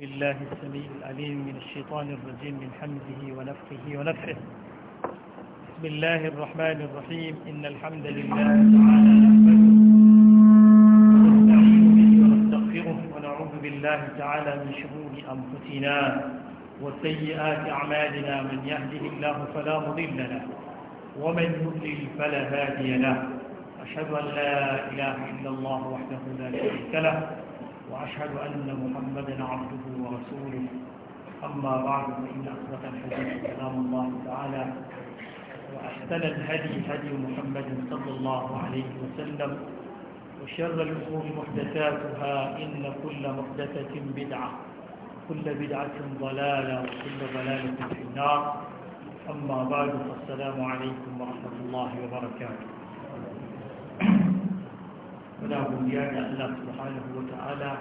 بالله السميع العليم من الشيطان الرجيم من حمده ونفخه ونفخه بسم الله الرحمن الرحيم إن الحمد لله تعالى نحمده به ونستغفره ونعوذ بالله تعالى من شرور أنفسنا وسيئات أعمالنا من يهده الله فلا مضل له ومن يضلل فلا هادي له أشهد أن لا إله إلا الله وحده لا شريك له وأشهد أن محمدا عبده ورسوله أما بعد فإن أصدق الحديث كلام الله تعالى وأحسن الهدي هدي محمد صلى الله عليه وسلم وشر الأمور محدثاتها إن كل محدثة بدعة كل بدعة ضلالة وكل ضلالة في النار أما بعد فالسلام عليكم ورحمة الله وبركاته muna godiya da Allah subhanahu ta'ala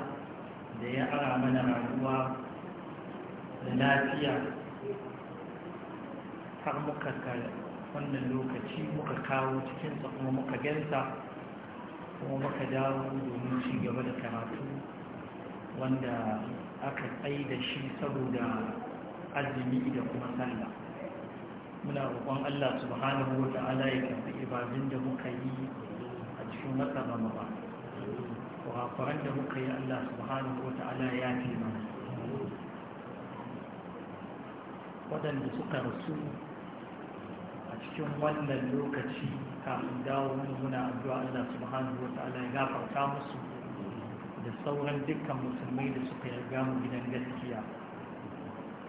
da ya ara mana rayuwa da lafiya har muka wannan lokaci muka kawo cikinsa kuma muka gansa kuma muka dawo domin ci gaba da karatu wanda aka tsaye da shi saboda azumi da kuma sallah muna roƙon Allah subhanahu wa ta'ala ya karɓi ibadun da muka yi a cikin mu ba. kurakuran da muka yi Allah subhanahu wa ya fi mana waɗanda suka rasu a cikin wannan lokaci kafin dawo muna addu'a Allah subhanahu wa ya gafarta musu da sauran dukkan musulmai da suka yarda mu gidan gaskiya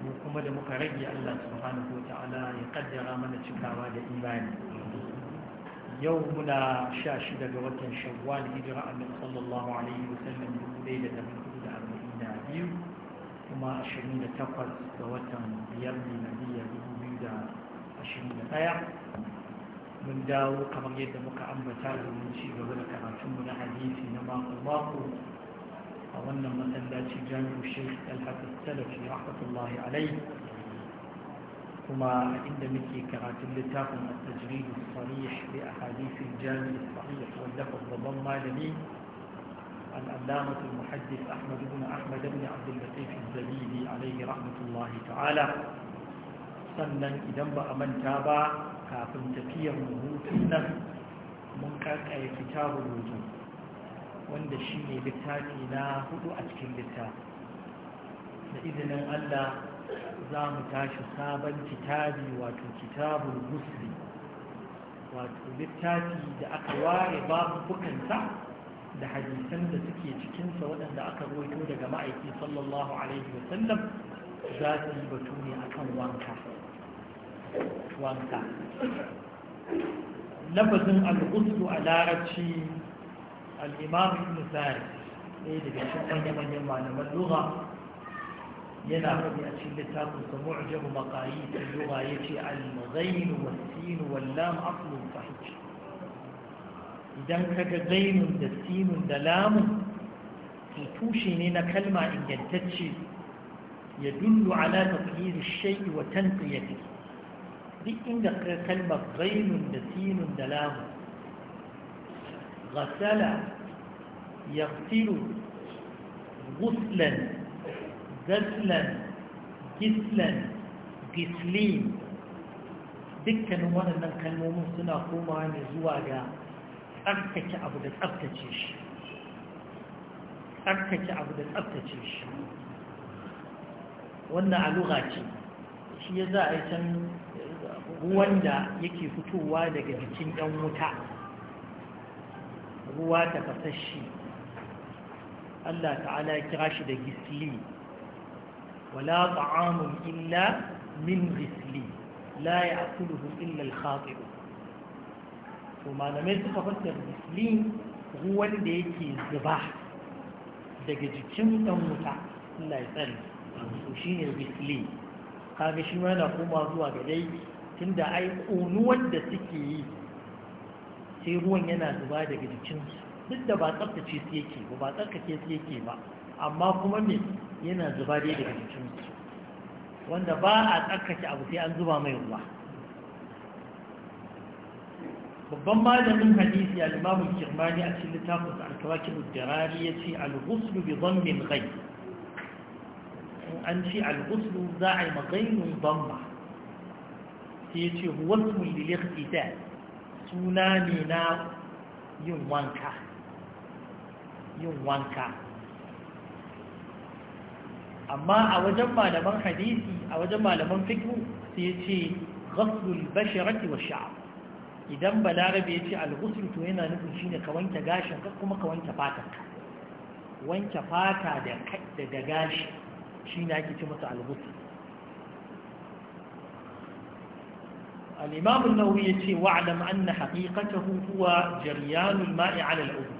mu kuma da muka rage Allah subhanahu wa ya kaddara mana cikawa da imani yau muna sha shida ga watan shawwal hijira annabi sallallahu alaihi wasallam dubu ɗaya da ɗari hudu da arba'in da biyu kuma ashirin da takwas ga watan biyar ne na biya dubu biyu da ashirin da ɗaya mun dawo kamar yadda muka ambata domin ci gaba da karatunmu na hadisi na mako mako a wannan masallaci jami'u shekh alhafiz salafi rahmatullahi alaihi kuma inda muke karatun littafin a tajiri da sarih da a hadisun jami'in sahih da dafa babban malami al'adamatul muhaddis ahmad ibn ahmad ibn abdul latif zabibi alayhi rahmatullah ta'ala sannan idan ba a manta ba kafin tafiyar mu hutun nan mun kakaye kitabul wujud wanda shine littafi na huɗu a cikin littafi da izinin Allah za mu tashi sabon kitabi wato kitabun musli wato littafi da aka ware babukansa da hadisan da suke cikinsa waɗanda aka roito daga ma'aiki sallallahu alaihi wasallam za su yi batu ne akan wanka wanka lafazin al'ustu a larabci al'imam ibn sai ɗaya daga cikin manya-manyan malaman lura yana faɗi a cikin littafin sa mu'jamu maqayit al-lugha yace al-ghayn was-sin wal-lam aslun sahih idan kaga ghaynun da sinun da lamun to tushe ne na kalma ingantacce ya dullu ala tafhir ash-shay'i wa tanqiyatihi duk inda kalmar ghaynun da sinun da lamun غسل يغسل غسلا gaslan gislan gislin dukkanin waɗannan kalmomin suna komawa ne zuwa ga tsarkake abu da tsarkace shi tsarkake abu da tsarkace shi wannan aluga ce shi ya za a yi can ruwan da yake fitowa daga jikin ɗan wuta ruwa ta fasashi Allah ta'ala kira shi da gislin. Wala min طعام la من غسلي لا يأكله إلا To malamai suka fata الغسلين ruwan da yake zuba daga jikin ɗan wuta Allah ya tsari su shi ne bisli kaga shi ma yana koma zuwa ga dai tunda ai ƙonuwar da suke yi sai ruwan yana zuba daga jikinsu duk da ba tsaftace su yake ba ba tsarkake su yake ba amma kuma me yana zuba dai daga jikinsu wanda ba a tsarkace abu sai an zuba mai ruwa babban malamin hadisi al-imamu kirmani a cikin littafin al-kawakin al ya ce al-ghuslu bi dhammin ghayb an ce al-ghuslu za a yi maganin dhamma sai ya ce huwa ismun lil suna ne na yin wanka yin wanka amma a wajen malaman hadisi a wajen malaman fiqhu sai ce ghaslul basharati wa sha'r idan balarabe ya ce al to yana nufin shine ka wanke gashin ka kuma ka wanke fatar ka wanke fata da kai daga gashi shine ake ce masa al-ghusl al-imam an-nawawi ya ce wa'lam anna haqiqatahu huwa jaryanul ma'i 'ala al-udhu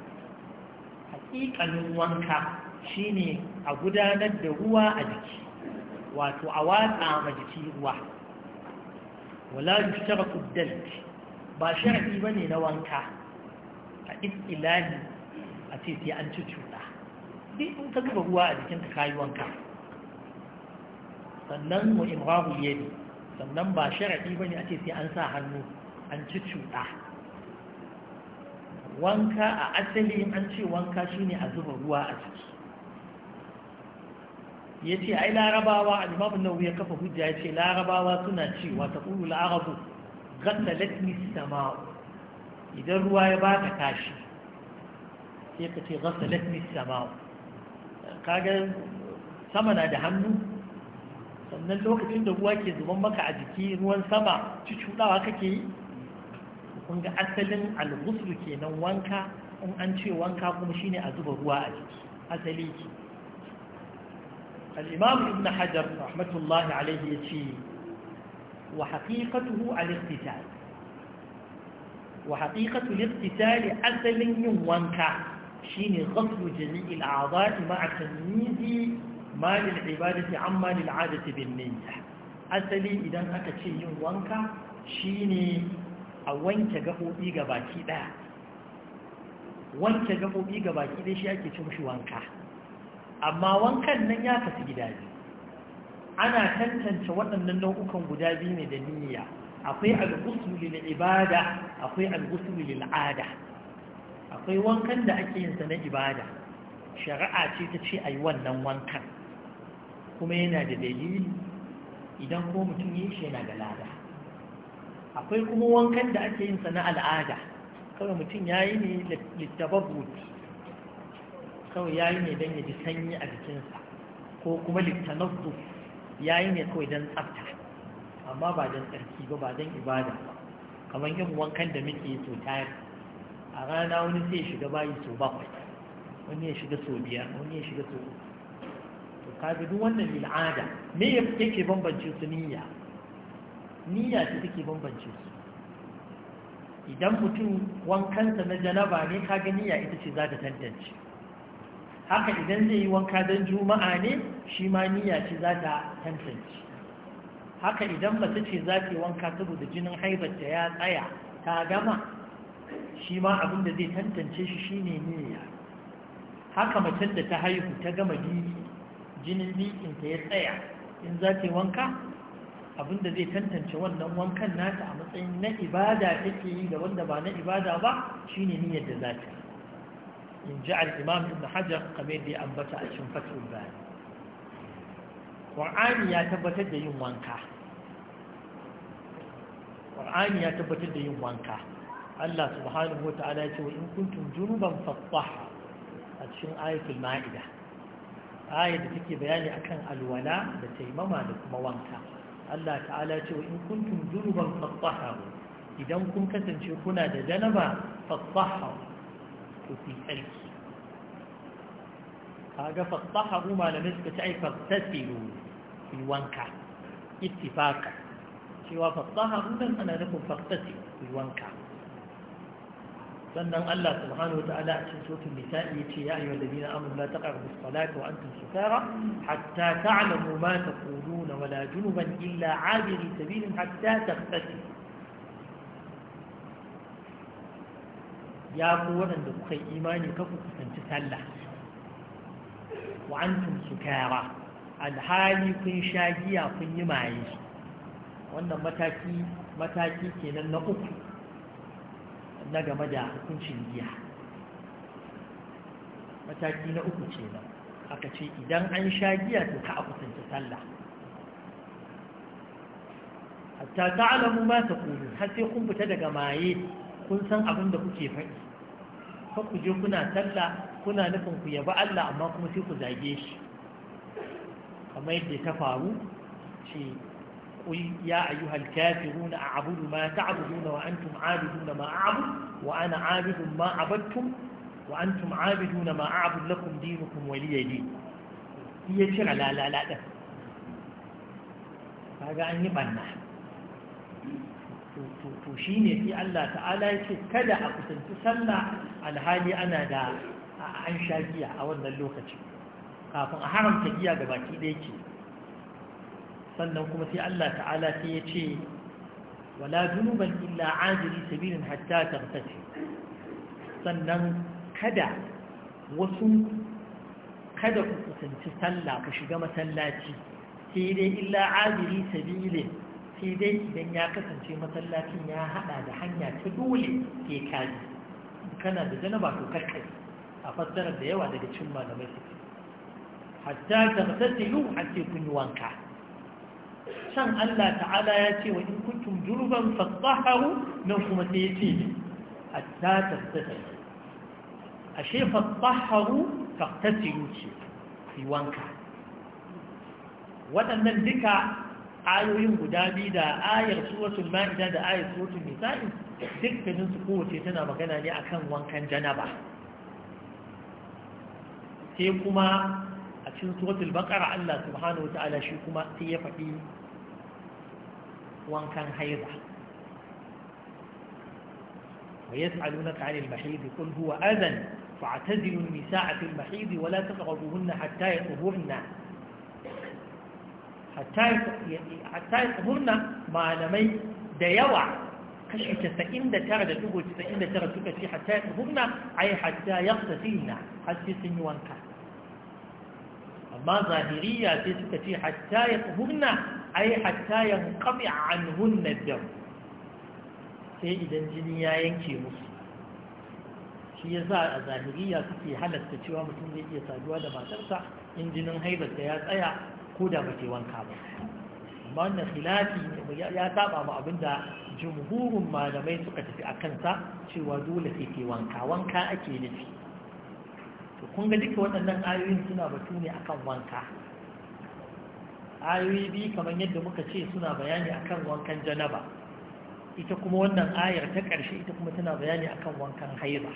haqiqatan wanka shine a gudanar da ruwa a jiki wato a watsa ma jiki ruwa wala yushtaratu dalk ba ba ne na wanka a istilahi a ce sai an cucuɗa duk in ka zuba ruwa a jikinka kayi wanka sannan mu imrahu yadi sannan ba ba ne a ce sai an sa hannu an cucuɗa wanka a asalin an ce wanka shine a zuba ruwa a jiki ya ce ai larabawa alimamun nau ya kafa hujja ya ce larabawa suna cewa ta ƙulu la'arabu gata latni sama, idan ruwa ya ba ka tashi sai ka ce gata latni sama'u kaga sama na da hannu sannan lokacin da ruwa ke zuban maka a jiki ruwan sama cucuɗawa kake yi kun ga asalin algusru kenan wanka in an ce wanka kuma shine a zuba ruwa a jiki asali ke الإمام ابن حجر رحمة الله عليه يتشي وحقيقته الاقتتال وحقيقة الاقتتال أسل ينوانك شين غسل جميع الأعضاء مع تمييز ما للعبادة عما للعادة بالنية أسل إذا أكتشي ينوانك شين أوانك قهو إيقا باكي دا وانك قهو إيقا باكي دا شيء أكتشمش وانكه amma wankan nan ya kasu gida biyu ana tantance waɗannan nau'ukan guda biyu ne da niyya akwai al'usul lil ibada akwai al'usul lil ada akwai wankan da ake yin sa na ibada shari'a ce ta ce yi wannan wankan kuma yana da dalili idan ko mutum yi shi yana da lada akwai kuma wankan da ake yin sa na al'ada kawai mutum yayi ne littababuti kawai yayi ne don ya ji sanyi a jikinsa ko kuma ya yayi ne kawai don tsafta amma ba don tsarki ba ba don ibada ba kamar yin wankan da muke so tayar a rana wani sai ya shiga bayi so bakwai wani ya shiga so biyar wani ya shiga so to ga duk wannan al'ada me yake bambance su niyya niyya ce take bambance su idan mutum wankansa na janaba ne kaga niyya ita ce za ta tantance haka idan zai yi wanka don juma'a ne shi ma niyya ce za ta tantance haka idan mace ce za ta yi wanka saboda jinin haibarta ya tsaya ta gama shi ma abin da zai tantance shi shi ne niyya haka mutum da ta haihu ta gama jinin likinta ya tsaya in za ta yi wanka abin da zai tantance wannan wankan nata a matsayin na ibada take yi ga wanda ba na ibada ba shi ne niyyar da za ta yi in ji al'imam ibn hajar kamar da ya ambata a cikin fatul bani ƙwar'ani ya tabbatar da yin wanka ƙwar'ani ya tabbatar da yin wanka Allah subhanahu wa ta'ala ya ce wa in kuntum junuban fattaha a cikin ayatul ma'ida ayat da take bayani akan alwala da taimama da kuma wanka Allah ta'ala ya ce wa in kuntum junuban fattaha idan kun kasance kuna da janaba fattaha في ألف هذا فاتطحه ما لم يستطيع فاغتسل في الوانكا اتفاقا شوى فاتطحه لم أنا لكم فاغتسل في الوانكة فأن الله سبحانه وتعالى في سورة النساء يتي يا أيها الذين آمنوا لا تقعوا بالصلاة وأنتم سكارى حتى تعلموا ما تقولون ولا جنبا إلا عابر سبيل حتى تغتسلوا ya ku waɗanda kuka yi imani ka ku kusanci sallah wa antum sukara alhali kun sha giya kun yi maye wannan mataki mataki kenan na uku na game da hukuncin giya mataki na uku kenan aka ce idan an sha giya to ka a kusanci sallah hatta ta'lamu ma taqulun har sai kun fita daga maye kun san abin da kuke faɗi ka ku je kuna sallah kuna nufin ku yabi Allah amma kuma sai ku zage shi kamar yadda ta faru ce قل يا أيها الكافرون أعبد ما تعبدون وأنتم عابدون ما أعبد وأنا عابد ما عبدتم وأنتم عابدون ما أعبد لكم دينكم ولي دين هي شرع لا لا لا هذا أن يبنى to shi ne sai Allah ta'ala ya ce kada a kusanci sallah alhali ana da an sha giya a wannan lokacin kafin a haramta giya ga baki ɗaya ke sannan kuma sai Allah ta'ala sai ya ce wala junuban illa ajiri sabilin hatta tartace sannan kada wasu kada ku kusanci sallah ku shiga masallaci sai dai illa ajiri sabirin. sai dai idan ya kasance masallacin ya hada da hanya ta dole ke kaji kana da janaba to karkai a fassarar da yawa daga cin malamai su hatta da matattalu a ce kun yi wanka can Allah ta'ala ya ce wa in kuntum juruban fasaharu nan kuma sai ya ce ne hatta tattalu ashe fasaharu yiwu ce yi wanka waɗannan duka ayoyin guda biyu da ayar suratul ma'ida da ayar suratul nisa'i dukkanin su kowace tana magana ne akan wankan janaba sai kuma a cikin suratul baqara Allah subhanahu wata'ala shi kuma sai ya faɗi wankan haiza wa yas'alunaka 'anil mahid qul huwa adhan fa'tazilu an-nisa'a fil mahid wa la taqrabuhunna hatta yatahurna hatta ya tsohonna malamai da yawa kashi 99.99 suka ce hatta ya tsohonna a yi hatta ya tsohonna haske sun yi wanka amma zahiriya sai suka ce hatta ya tsohonna a yi hatta ya kaɓi a hunna dam sai idan jini ya yanke musu shi ya sa a zahiriya suke halatta cewa mutum zai iya saduwa da matarsa in jinin haibarta ya tsaya ko da ba wanka ba amma wannan khilafi ya saba ma abinda jumhurun malamai suka tafi a kansa cewa dole sai ke wanka wanka ake nufi to kun ga duka waɗannan ayoyin suna batu ne akan wanka ayoyi biyu kamar yadda muka ce suna bayani akan wankan janaba ita kuma wannan ayar ta ƙarshe ita kuma tana bayani akan wankan haiba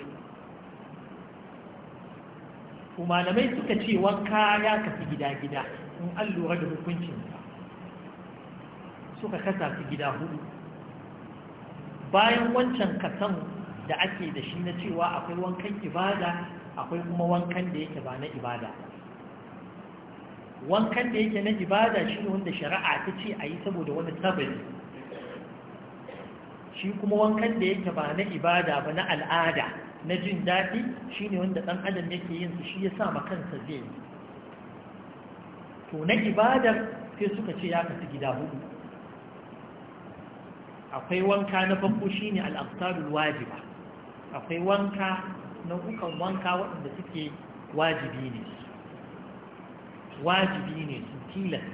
malamai suka ce wanka ya kafi gida-gida in an lura da hukuncin suka kasa su gida hudu bayan wancan kasan da ake da shi na cewa akwai wankan ibada akwai kuma wankan da yake ba na ibada wankan da yake na ibada shi ne wanda shari'a ta ce a yi saboda wani sabari shi kuma wankan da yake ba na ibada ba na al'ada na jin daɗi shi ne wanda ɗan adam yake yin su shi ya sa makansa zai yi to na ibadar sai suka ce ya kasu gida hudu akwai wanka na farko shine al-aftarul wajiba akwai wanka nau'ukan wanka waɗanda suke wajibi ne wajibi ne su tilas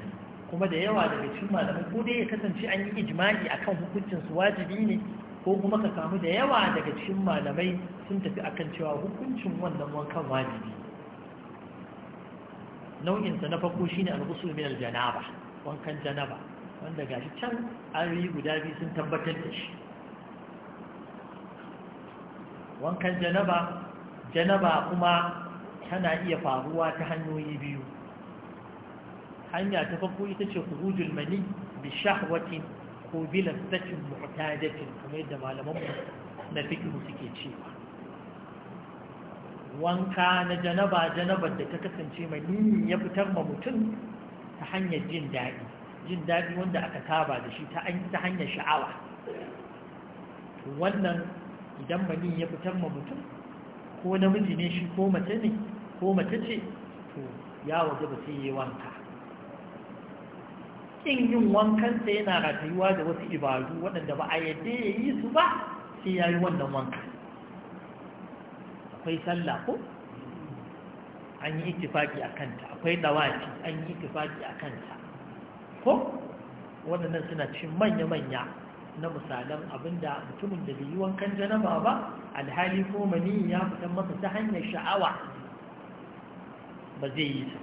kuma da yawa daga cikin malamai ko dai ya kasance an yi ijma'i akan hukuncin wajibi ne ko kuma ka samu da yawa daga cikin malamai sun tafi akan cewa hukuncin wannan wankan wajibi nau'insa na farko shine ne ghusl min al-janaba wankan janaba wanda gashi can ayoyi guda biyu sun tabbatar da shi wankan janaba janaba kuma tana iya faruwa ta hanyoyi biyu hanya ta farko ita ce kurujul mani bi shahwatin ko bi lafzatin mu'tadatin kamar yadda malaman na fiqh suke cewa wanka na janaba janabar da ta kasance mai nuni ya fitar ma mutum ta hanyar jin daɗi jin daɗi wanda aka taba da shi ta hanyar sha'awa wannan idan mani ya fitar ma mutum ko namiji ne shi ko mace ne ko mace ce to ya waje ba sai yi wanka ƙin yin wankansa yana ratayuwa da wasu ibadu waɗanda ba a yadda ya yi su ba sai ya yi wannan wanka akwai sallah ko an yi itifaki a kanta akwai dawaci an yi itifaki a kanta ko waɗannan suna cin manya-manya na misalan abinda mutumin da bai yi wankan janaba ba alhali ko mani ya fitan masa ta hanyar sha'awa ba zai yi ta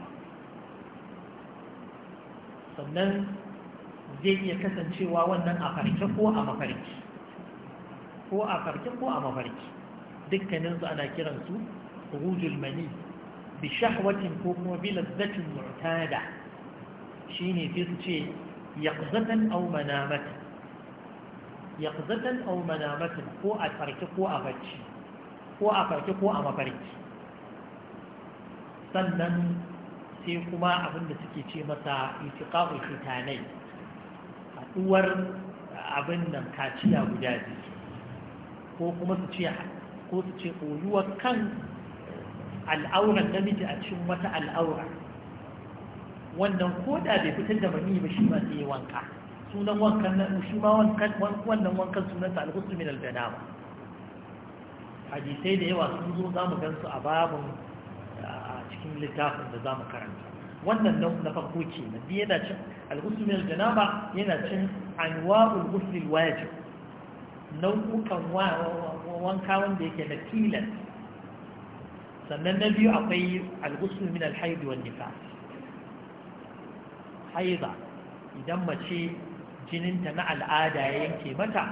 sannan zai iya kasancewa wannan a farke ko a mafarki ko a farke ko a mafarki dukkaninsu ana kiransu rujul mani bi shahwatin ko kuma bi lazzatin mu'tada shine sai su ce yaqzatan aw manamatan yaqzatan aw manamatan ko a farke ko a bacci ko a farke ko a mafarki sannan sai kuma abin da suke ce masa itiqa'u fitanai haduwar abin nan kaciya guda biyu ko kuma su ce ko su ce ɓoyuwar kan al'auran namiji a cikin wata al'aura wannan ko da bai fitar da mani ba shi ba sai ya wanka sunan wankan nan shi ma wannan wankan sunanta al-ghusl min al-janaba hadisai da yawa sun zo zamu gan su a babun a cikin littafin da za mu karanta wannan nan na farko ce na biye da cin al min al-janaba yana cin anwa'ul ghusl al-wajib nau'ukan wanka wanda yake na tilas sannan na biyu akwai alghusl min alhayd wan nifas haiza idan mace jininta na al'ada ya yanke mata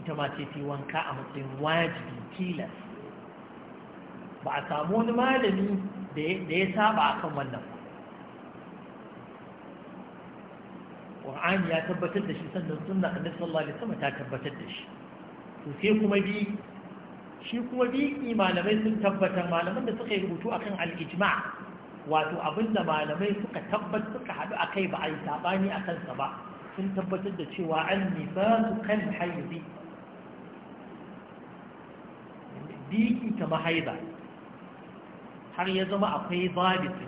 ita ma ce fi wanka a matsayin wajibi tilas ba a samu wani malami da ya saba akan wannan Qur'ani ya tabbatar da shi sannan sunna annabi sallallahu da wasallam ta tabbatar da shi to sai kuma bi shi kuma bi malamai sun tabbatar malaman da suka yi rubutu akan al-ijma wato abinda malamai suka tabbatar suka hadu akai ba a yi sabani akan sa ba sun tabbatar da cewa an nifasu kan haizi biki ta mahaiba har ya zama akwai babisi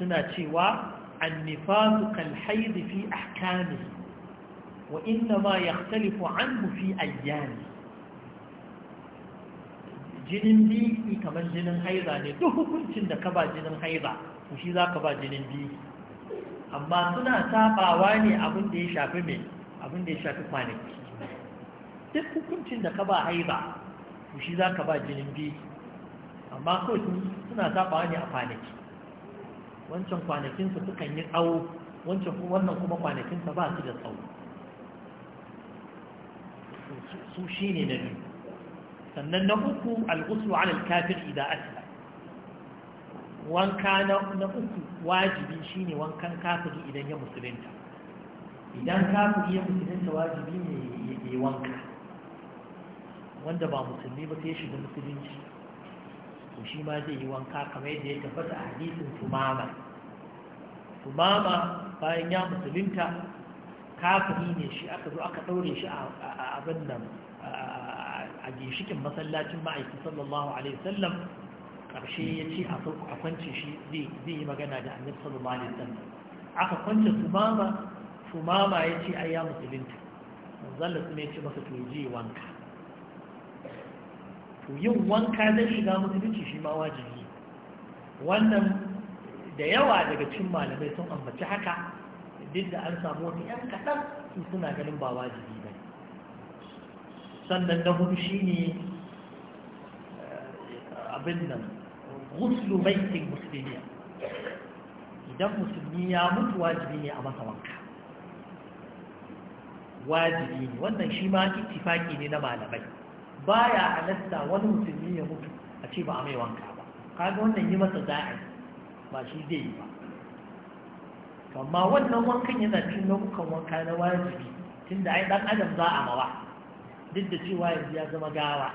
suna cewa an nifasu kan haizi fi ahkamihi wa inna ma yakhtalifu anhu fi ayyami jinin biki kamar jinin haiza ne duk hukuncin da ka ba jinin haiza to shi za ka ba jinin biki amma suna sabawa ne abin da ya shafi mai abin da ya shafi kwanaki duk hukuncin da ka ba haiza to shi za ka ba jinin biki amma ko suna sabawa ne a kwanaki wancan kwanakinsa sukan yi tsawo wancan wannan kuma kwanakinsa ba su da tsawo su shi ne na biyu sannan na uku al'usu ala kafir idan asila wanka na uku wajibi shi ne wankan kafiri idan ya musulinta. idan kafiri ya musulunta wajibi ne ya wanka wanda ba musulmi ba sai shiga musulunci to shi ma zai yi wanka kamar yadda ya tabbata a hadisin tumama tumama bayan ya musulinta. kafiri ne shi aka zo aka ɗaure shi a abin nan a ginshikin masallacin ma'aiki sallallahu alaihi sallam ƙarshe ya ce a kwance shi zai yi magana da annabi sallallahu alaihi sallam aka kwance sumama sumama ya ce ai ya musulunta manzalla kuma ya ce masa to je wanka to yin wanka zai shiga musulunci shi ma wajibi wannan da yawa daga cin malamai sun ambaci haka duk da an samu wani yan kaɗan su suna ganin ba wajibi ba sannan na hudu shi ne eh, abin nan guslu baitin musulmiya idan musulmi ya mutu wajibi ne a masa wanka wajibi ne wannan shi ma ittifaki ne na malamai Ba ya halatta wani musulmi ya mutu a ce ba a mai wanka ba kaga wannan yi masa za'a ba shi zai yi ba amma wannan wankan yana cikin nau'ukan wanka na wajibi tunda ai dan adam za a mawa duk da cewa yanzu ya zama gawa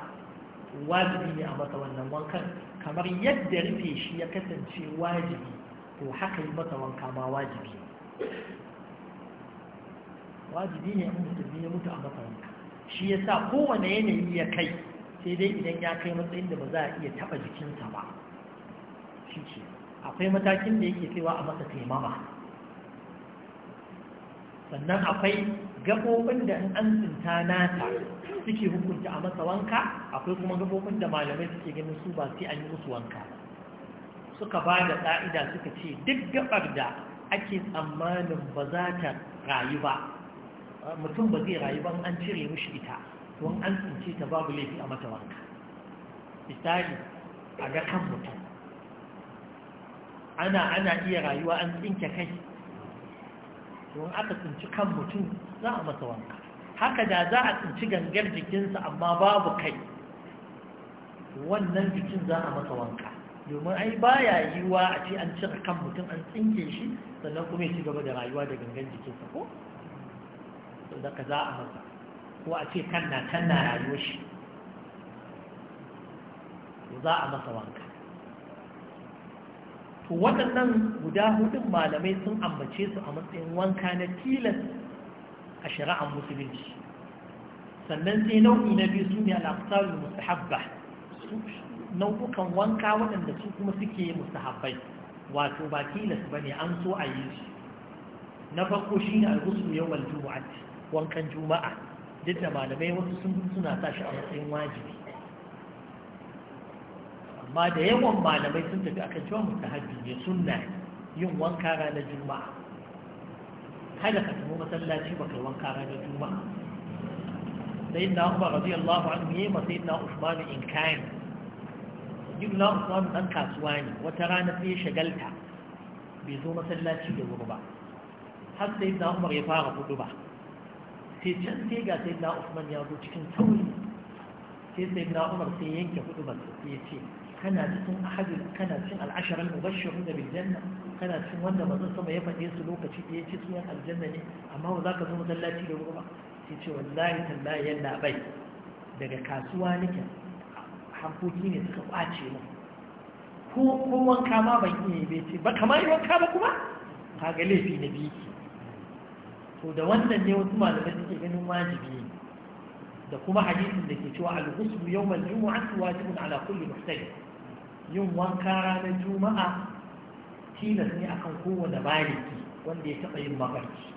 wajibi ne a masa wannan wankan kamar yadda rufe shi ya kasance wajibi to haka yi masa wanka ma wajibi wajibi ne in musulmi ya mutu a masa wanka shi ya sa kowane yanayi ya kai sai dai idan ya kai matsayin da ba za a iya taɓa jikinsa ba shi ce akwai matakin da yake kaiwa a masa taimama sannan akwai gabobin da in an tsinta nata suke hukunta a masa wanka akwai kuma gabobin da malamai suke ganin su ba sai an yi musu wanka suka ba da ƙa'ida suka ce duk gabar da ake tsammanin ba za ta rayu ba mutum ba zai rayu ban an cire mushi ita don an tsince ta babu laifi a mata wanka misali a ga kan mutum ana ana iya rayuwa an tsinke kai to aka tsinci kan mutum za a masa wanka haka da za a tsinci gangar jikinsa amma babu kai wannan jikin za a masa wanka domin ai ya yiwa a ce an cire kan mutum an tsinke shi sannan kuma ya ci gaba da rayuwa da gangan jikinsa ko da ka za a masa ko a ce kan na kan na rayuwar shi za a masa wanka to waɗannan guda hudun malamai sun ambace su a matsayin wanka na tilas a shari'ar musulunci sannan sai nau'i na biyu su ne musu mustahabba nau'ukan wanka waɗanda su kuma suke mustahabbai wato ba tilas ba ne an so a yi su na farko shi ne al'usu gusu juma'a wankan juma'a duk da malamai wasu sun suna sa shi a matsayin wajibi amma da yawan malamai sun tafi akan cewa mustahabbi ne sunna yin wanka ranar juma'a kada ka tafi masallaci baka wanka ranar juma'a sai na umar radiyallahu an yema sai na usman in kayan yin na usman dan kasuwa ne wata rana sai shagalta bai zo masallaci da wuri ba har sai na umar ya fara hudu ba sai can sai ga sai na usman ya zo cikin sauri sai sai na umar sai yanke hudu ba sai ya ce kana cikin ahadin kana cikin al'asharar mubashiru da biljanna kana cikin wanda mazan sama ya faɗe su lokaci da ya ce suyan aljanna ne amma ba za ka zo masallaci da wuri ba sai ce wallahi tallahi yalla bai daga kasuwa nake hankoki ne suka kwace mu ko ko wanka ma ban iya yi bai ce ba kamar wanka ba kuma Ka ga laifi na biyu to da wannan ne wasu malamai suke ganin wajibi ne, da kuma hadisin da ke cewa al-ghusl yawm al-jum'ah wajibun ala kulli muhtajir yin wanka na juma'a tilas ne akan kowane baliki wanda ya taɓa yin mafarki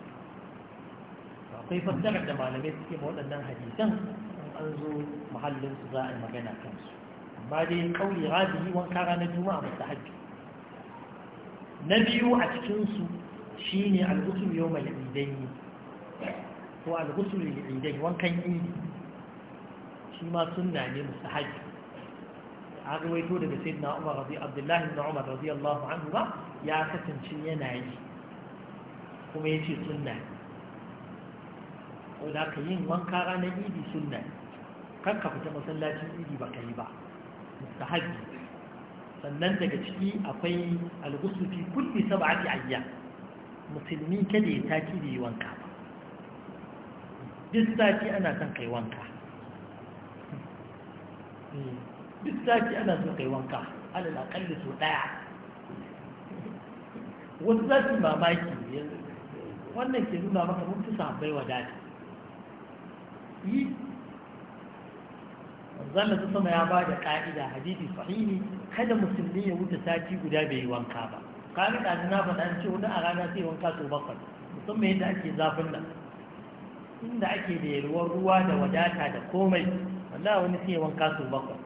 akwai fassarar da malamai suke ma waɗannan hadisan in an zo mahallinsu za a yi magana kansu amma dai kauli rabi wanka ranar juma'a masu hajji na biyu a cikinsu shi ne algusul yau mai idanyi ko algusul idanyi wankan idi shi ma sunna ne musu hajji an ruwaito daga sayyidina Umar radi Abdullahi na Umar radiyallahu anhu ba ya kasance yana yi kuma yace sunna ko da ka yin wanka ranar idi sunna kan ka fita masallacin idi baka yi ba mustahabi sannan daga ciki akwai al-ghusl fi kulli sab'ati ayyam musulmi kada ya taki da yi wanka ba duk sati ana son kai wanka hmm. duk sati ana so kai wanka alal akalli so daya wasu za su mamaki wannan ke nuna maka mun fi sahabbai wadata yi zanna su sama ya ba da ka'ida hadisi sahihi kada musulmi ya wuce sati guda bai yi wanka ba kaga da na faɗa ce wani a rana sai wanka to bakwai musamman yadda ake zafin nan inda ake da yalwar ruwa da wadata da komai wallahi wani sai wanka to bakwai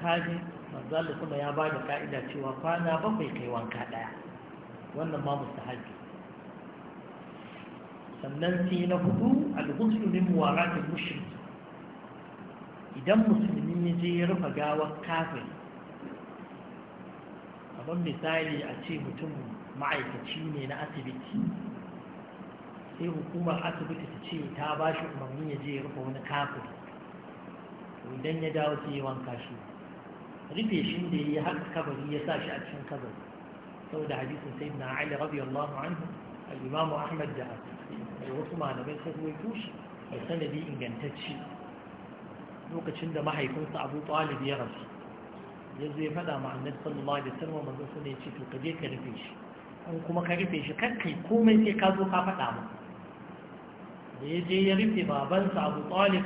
tsakani manzo Allah kuma ya bada ka'ida cewa kwana bakwai kai wanka ɗaya, wannan ma Haji. sannan sai na hudu al min mushrik idan musulmi ya je ya rufa gawar kafin abin misali a ce mutum ma'aikaci ne na asibiti sai hukumar asibiti ta ce ta ba shi umarni ya je ya rufa wani kafin idan ya dawo sai ya wanka shi رفي شنده يهد كبر يساش أكشن كبر سود حديث سيدنا علي رضي الله عنه الإمام أحمد جهد الوصمة نبي سيدنا يكوش السنة دي إن كان تتشي لوك شند ما حيكون صعب طالب يرد يزوي فدا مع النبي صلى الله عليه وسلم ومن ذو سنة يتشي في القدير كرفيش أن كما كرفيش كي كومن كي كازو قافة عام يجي يرفي ما بنس عبو طالب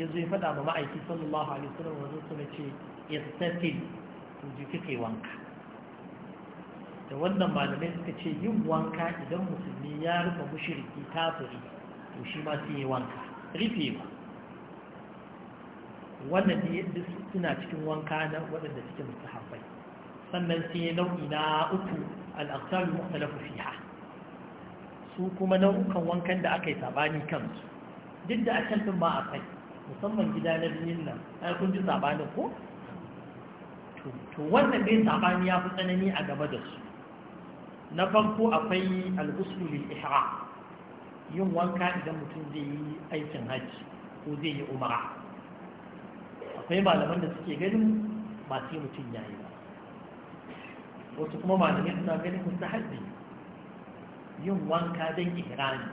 يزوي فدا مع النبي صلى الله عليه وسلم ومن ذو سنة يتشي istatil to jiki kai wanka da wannan malamai suka ce yin wanka idan musulmi ya rufe mushiriki kafiri to shi ma sai yi wanka rufe ba wannan ne yadda suna cikin wanka na waɗanda suke musu sannan sai nau'i na uku al'aktar muktalafu fiha su kuma nau'ukan wankan da aka yi sabani kansu duk da a can ɗin ba a kai musamman gida na biyun nan ai kun ji sabanin ko to wannan dai sabani ya fi tsanani a gaba da su na farko akwai al ihra, yin wanka idan mutum zai yi aikin hajji ko zai yi umara akwai malaman da suke ganin ba sai mutum ya yi ba wasu kuma malamai suna ganin mustahabbi yin wanka don ihra ne.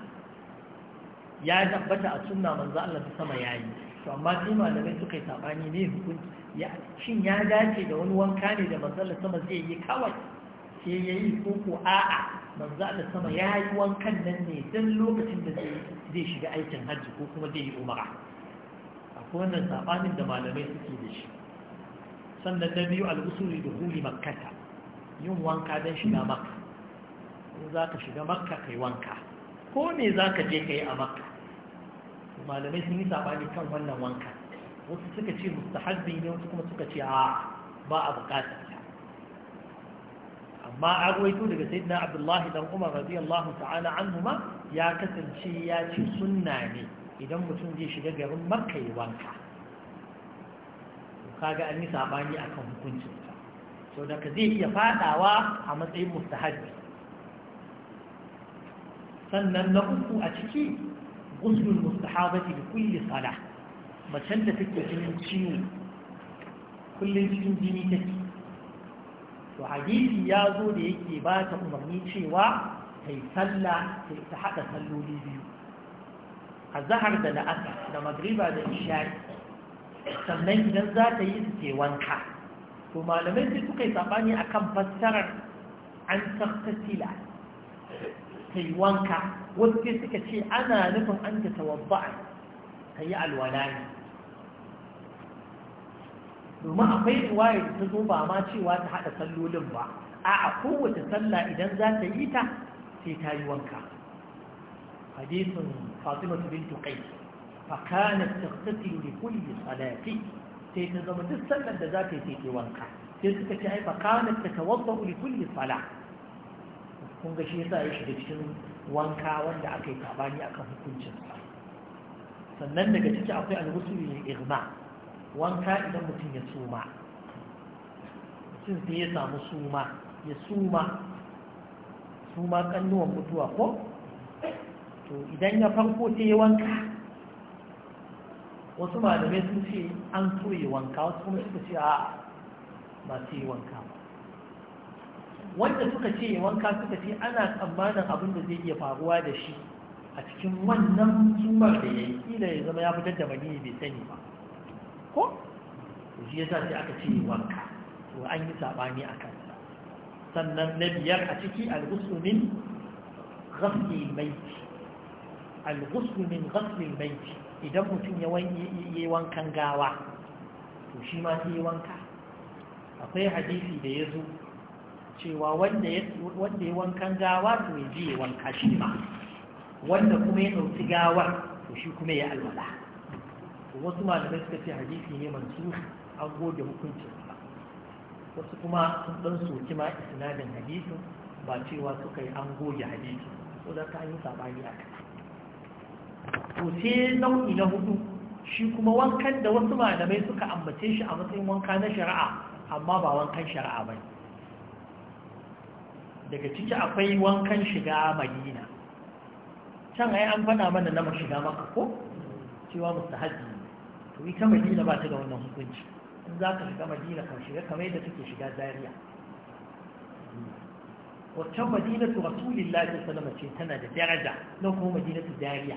ya tabbata a sunna manzo Allah ta sama ya yi. to amma sai malamai suka yi sabani ne hukunci ya shin ya dace da wani wanka ne da manzon sama zai yi kawai sai ya yi koko a'a manzon sama ya yi wankan nan ne dan lokacin da zai shiga aikin hajji ko kuma zai yi umara akwai wannan sabanin da malamai suke da shi sannan na biyu al'usuri da huli makkata yin wanka don shiga makka ko za ka shiga makka kai wanka ko ne za ka je ka yi a makka malamai sun yi sabani kan wannan wanka wasu suka ce mustahabbi ne wasu kuma suka ce a ba a bukata amma a ruwaito daga sayyidina abdullahi dan umar radiyallahu ta'ala ma ya kasance ya ce sunna ne idan mutum zai shiga garin makka ya wanka kaga an yi sabani akan hukuncin sa so da ka zai iya fadawa a matsayin mustahabbi sannan na uku a ciki gusul mustahabati da kulli sala macen da take jinin ciwo kullum cikin jini take to hadisi ya zo da yake ba ta umarni cewa ta yi sallah ta haɗa salloli biyu a zahar da la'asa da magriba da ishari sannan idan za ta yi su wanka to malamai sai suka yi saɓani a kan fassarar an ta wanka wasu suka ce ana nufin an ta tawabba ta yi alwala ne domin akwai riwaya da ta zo ba ma cewa ta haɗa sallolin ba a kowace sallah idan za ta yi ta sai ta yi wanka hadisin fatima bin tukai ta تغتسل sai صلاة تتزم تسلم ذاتي تيتي وانكا تلك تعيب كانت تتوضأ لكل صلاة kun ga shi yasa ya shiga cikin wanka wanda aka yi tabani akan hukuncin sannan daga ciki akwai alwusuli ne irma wanka idan mutum ya suma mutum ya samu suma ya suma suma kannuwan mutuwa ko to idan ya farko sai ya wanka wasu malamai sun ce an so wanka wasu kuma suka ce a ba sai yi wanka ba wanda suka ce wanka suka ce ana tsammanin abin da zai iya faruwa da shi a cikin wannan tsumar da ya yi ya zama ya fitar da maniyi bai sani ba ko shi ya sai aka ce wanka to an yi sabani a kansa sannan na biyar a ciki al-ghuslu min ghasli al idan mutum ya yi wankan gawa to shi ma sai wanka akwai hadisi da ya zo cewa wanda ya wankan gawa to ya ji wanka shi ma wanda kuma ya ɗauki gawar to shi kuma ya alwala wasu malamai suka ce hadisi ne mansu an goge hukuncin ba wasu kuma sun ɗan soki ma isnadin hadisin ba cewa suka yi an goge hadisi ko da ta yi sabani a to sai nau'i na hudu shi kuma wankan da wasu malamai suka ambace shi a matsayin wanka na shari'a amma ba wankan shari'a ba ne daga ciki akwai wankan shiga madina can ai an fana mana na shiga maka ko cewa mustahabi to ita madina ba ta da wannan hukunci in za ka shiga madina ka shiga kamar yadda take shiga madina waccan madinatu rasulillahi salama ce tana da daraja na kuma madinatu Zariya?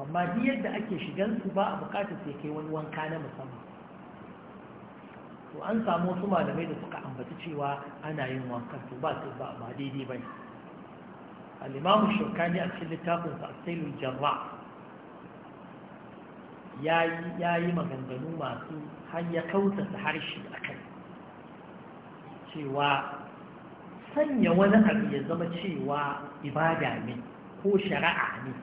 amma yadda ake shigansu ba a bukatar sai kai wani wanka na musamman to an samu wasu malamai da suka ambaci cewa ana yin wankan to ba ba ba daidai bane al-imamu shawkani a cikin littafin sa asailul jarra yayi yayi maganganu masu har ya kauta harshe harshe akai cewa sanya wani abu ya zama cewa ibada ne ko shari'a ne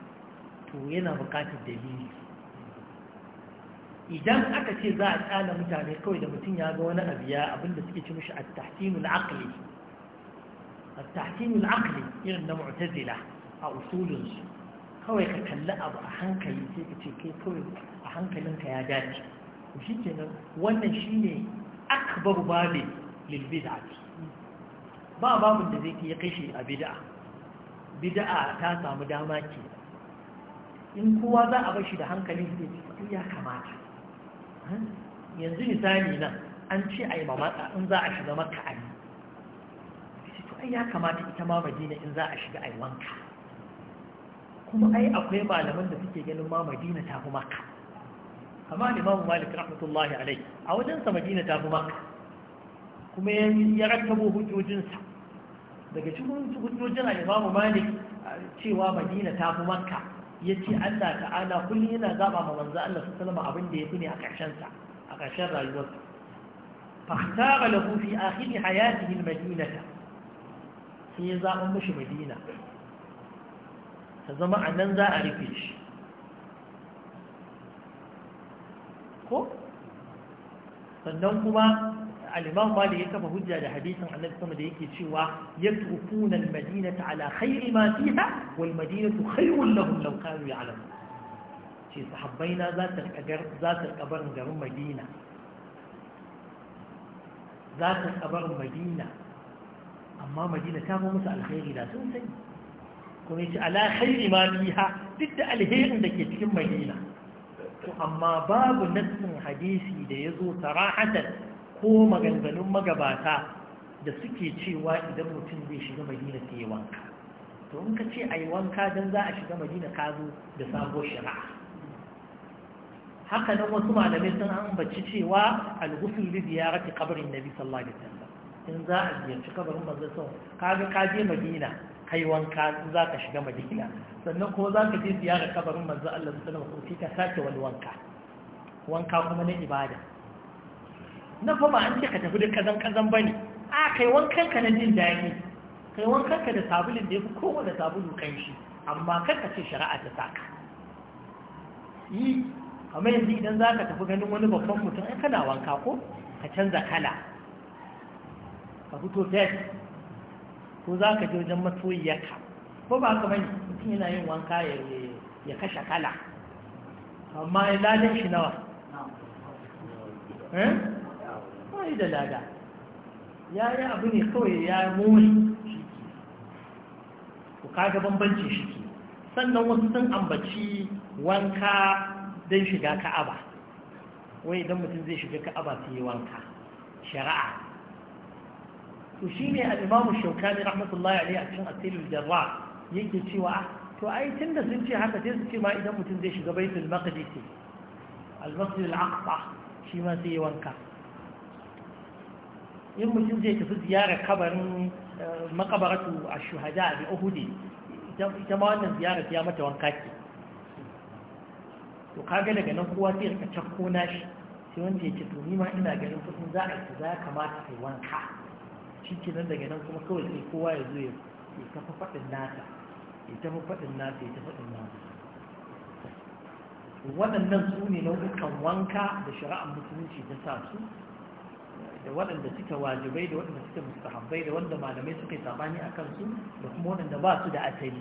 to yana bukatar dalili idan aka ce za a kyala mutane kawai da mutum ya ga wani abu ya abinda suke ci mishi at aqli aqli irin na mu'tazila a usulun su kawai ka kalli abu a hankali sai ka ce kai kawai a hankalinka ya dace to shikenan wannan shine akbar babi lil bid'ati ba babun da zai ya kai shi a bid'a bid'a ta samu dama ke in kowa za a bar shi da hankalin zai ya kamata yanzu misali nan an ce a yi mamata in za a shiga maka a yi to ai ya kamata ita ma madina in za a shiga a yi wanka kuma ai akwai malaman da suke ganin ma madina ta fi maka amma limamu malik rahmatullahi alai a wajensa madina ta fi maka kuma ya rattabo hujjojinsa daga cikin hujjojin a limamu malik cewa madina ta fi maka ya ce Allah ta'ala kullum yana zaɓa ma manzo Allah su salama abin da ya fi ne a ƙarshensa a ƙarshen rayuwarsa fahtara lahu fi akhiri hayatihi almadinata sai ya zaɓa mishi madina ta zama a nan za a rufe shi ko sannan kuma al-imam da ya kafa hujja da hadisin annabi sama da yake cewa yatrukuna al-madinata ala khairi ma fiha wal madinatu khairun lahum law kanu ya'lamun ce sahabbai na za ta kagar za ta kabar garin madina za ta kabar madina amma madina ta mu musu alkhairi da sun sani kuma yace ala khairi ma fiha duk da alherin da ke cikin madina to amma babu nassin hadisi da yazo sarahatan ko maganganun magabata da suke cewa idan mutum zai shiga madina sai wanka to in ka ce a yi wanka don za a shiga madina ka zo da sabuwar shari'a haka nan wasu malamai sun ambaci cewa al-ghusl li ziyarati kabarin nabi sallallahu alaihi wasallam in za a ziyarci kabarin manzo sallallahu alaihi ka je madina kai wanka za ka shiga madina sannan ko za ka je ziyara kabarin manzo Allah alaihi wasallam ko ka sake wani wanka wanka kuma na ibada na fa ba an ce ka tafi da kazan kazan ba ne a kai wankan ka na jin daɗi kai wankan ka da sabulin da ya fi da sabulu kan shi amma kar ka ce shari'a ta saka yi kamar yanzu idan za ka tafi ganin wani babban mutum ai kana wanka ko ka canza kala ka fito tes ko za ka je wajen matoyiyarka ko ba ka bane mutum yana yin wanka ya kashe kala amma ya ladan shi nawa ba da lada ya yi abu ne kawai ya mori shi ke ku kaga bambanci shi ke sannan wasu sun ambaci wanka don shiga ka'aba wai idan mutum zai shiga ka'aba su yi wanka shari'a to shi ne al'imamu shaukani rahmatullahi alaihi a cikin asilul jarra yake cewa to ai tun da sun ce haka sai su ce ma idan mutum zai shiga baitul maqdis al-masjid al-aqsa shi ma sai yi wanka in mutum zai tafi ziyarar kabarin eh, makabaratu a shuhada a ohudi ita ma wannan ziyarar ta mata wanka ce to kaga daga nan kowa sai ka cakko nashi sai wanda ya ce to ni ma ina ganin kudin za a yi za kamata kai wanka shi ke nan daga nan kuma kawai sai kowa ya zo ya tafi faɗin nasa ya tafi faɗin nasa ya tafi faɗin nasa waɗannan su ne nau'ukan wanka da shari'ar musulunci ta sa su da waɗanda suka wajibai da waɗanda suka mustahabbai da wanda malamai suka yi sabani a kansu da kuma waɗanda ba su da asali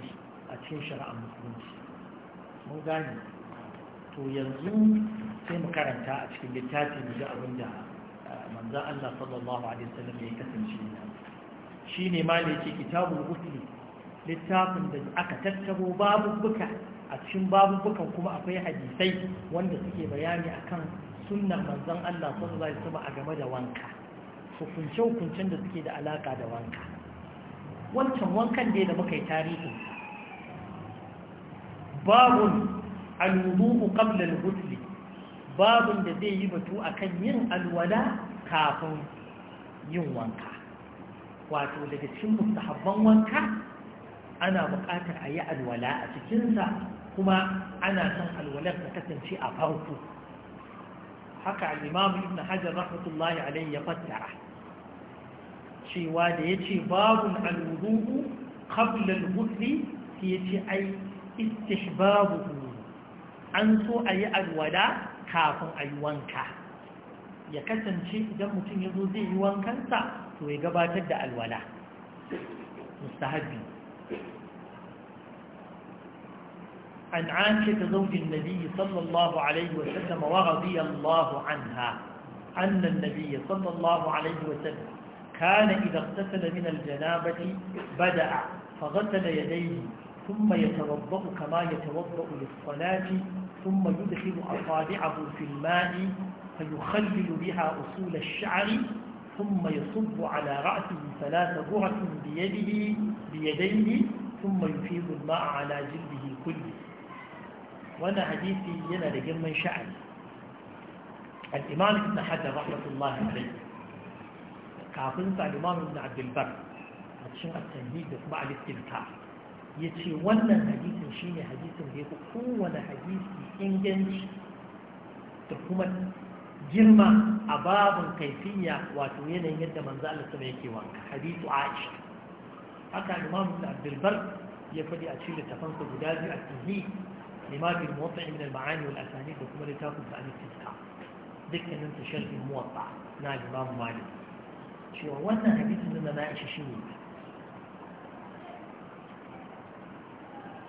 a cikin shari'ar musulunci mun gane to yanzu sai mu karanta a cikin littafi mu ji abin da eh, manzan Allah sallallahu alaihi wasallam ya kasance na shine ma ne yake kitabul ghusl littafin da aka tattabo babubuka a cikin babubukan kuma akwai hadisai wanda suke bayani akan sunnar manzon Allah sallallahu alaihi wasallam a game da wanka hukunce da suke da alaka da wanka wancan wankan dai da muka yi tarihi babun alwudu qabla al-ghusl babun da zai yi batu akan yin alwala kafin yin wanka wato daga cikin mustahabban wanka ana buƙatar a yi alwala a cikinsa kuma ana son alwalar ta kasance a farko haka al'imam ibn hajar rahmatullahi alayhi ya fassara cewa da ya ce babun alwudu qabla alwudu sai ya ce ai istihbabu an so a yi alwada kafin a yi wanka ya kasance idan mutum ya zo zai yi wankansa to ya gabatar da alwala mustahabi عن عائشة زوج النبي صلى الله عليه وسلم ورضي الله عنها أن النبي صلى الله عليه وسلم كان إذا اغتسل من الجنابة بدأ فغسل يديه ثم يتوضأ كما يتوضأ للصلاة ثم يدخل أصابعه في الماء فيخلل بها أصول الشعر ثم يصب على رأسه ثلاث برة بيده بيديه ثم يفيض الماء على جلده كله وانا حديثي ينا لجمع شعري الإمام ابن حجر رحمة الله عليه kafin sa Imam Ibn Abdul Bar a cikin at da kuma al-Istinqa yace wannan hadisin shine hadisin da ya fi kowane hadisi inganci da kuma girma a babin kaifiyya wato yanayin yadda manzo Allah sama yake wanka hadithu Aisha haka Imam Ibn Abdul Bar ya fadi a cikin littafansa guda biyu a at-Tanhid لما في الموطع من المعاني والأسانيد وكما لتاكم فأني al ذكر dukkanin أنت شرح موطع na إمام Malik. cewa wannan da na na'isha shi ne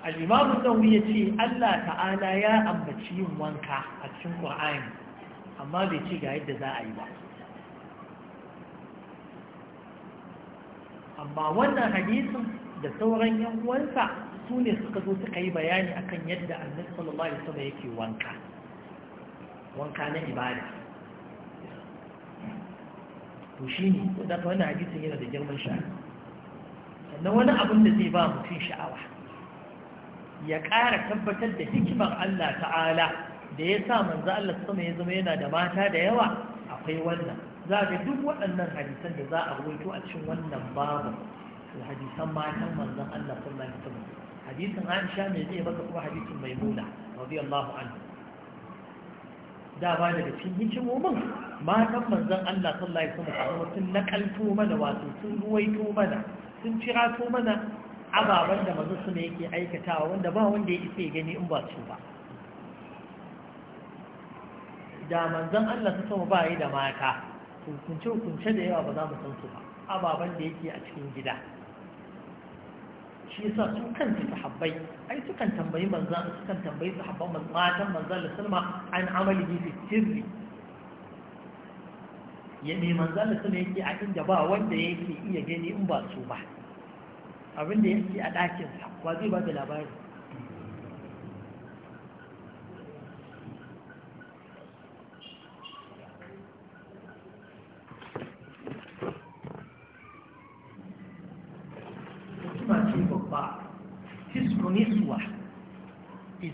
al'imamu ɗauri ya ce Allah ta'ala ya ambaci yin wanka a cikin ƙwa'ayin amma bai ce ga yadda za a yi ba amma wannan hadisin da sauran yan uwansa su ne suka zo suka yi bayani akan yadda annabi sallallahu alaihi wasallam yake wanka wanka na ibada to shi ne da ka wani hadisin yana da girman sha sannan wani abin da zai ba mutum sha'awa ya ƙara tabbatar da hikimar Allah ta'ala da ya sa manzo Allah sama ya zama yana da mata da yawa akwai wannan za ga duk waɗannan hadisan da za a rubuto a cikin wannan babu hadisan matan manzon Allah sallallahu alaihi wasallam hadisin Aisha ne zai baka kuma hadisin Maimuna radiyallahu anha dama daga cikin hikimomin matan manzon Allah sallallahu alaihi wasallam sun nakalto mana wato sun ruwaito mana sun cirato mana ababen da manzon su ne yake aikatawa wanda ba wanda ya isa ya gani in ba su ba da manzon Allah ta sama ba yi da mata ce-kun ce da yawa ba za mu san su ba ababen da yake a cikin gida shi yasa su kanta sahabbai ai sukan tambayi manzan sukan tambayi sahabban matan manzan da sulma an amali ne fi sirri ya ne manzan da sulma yake a inda ba wanda yake iya gani in ba su ba abin da yake a ɗakinsa ba zai ba da labari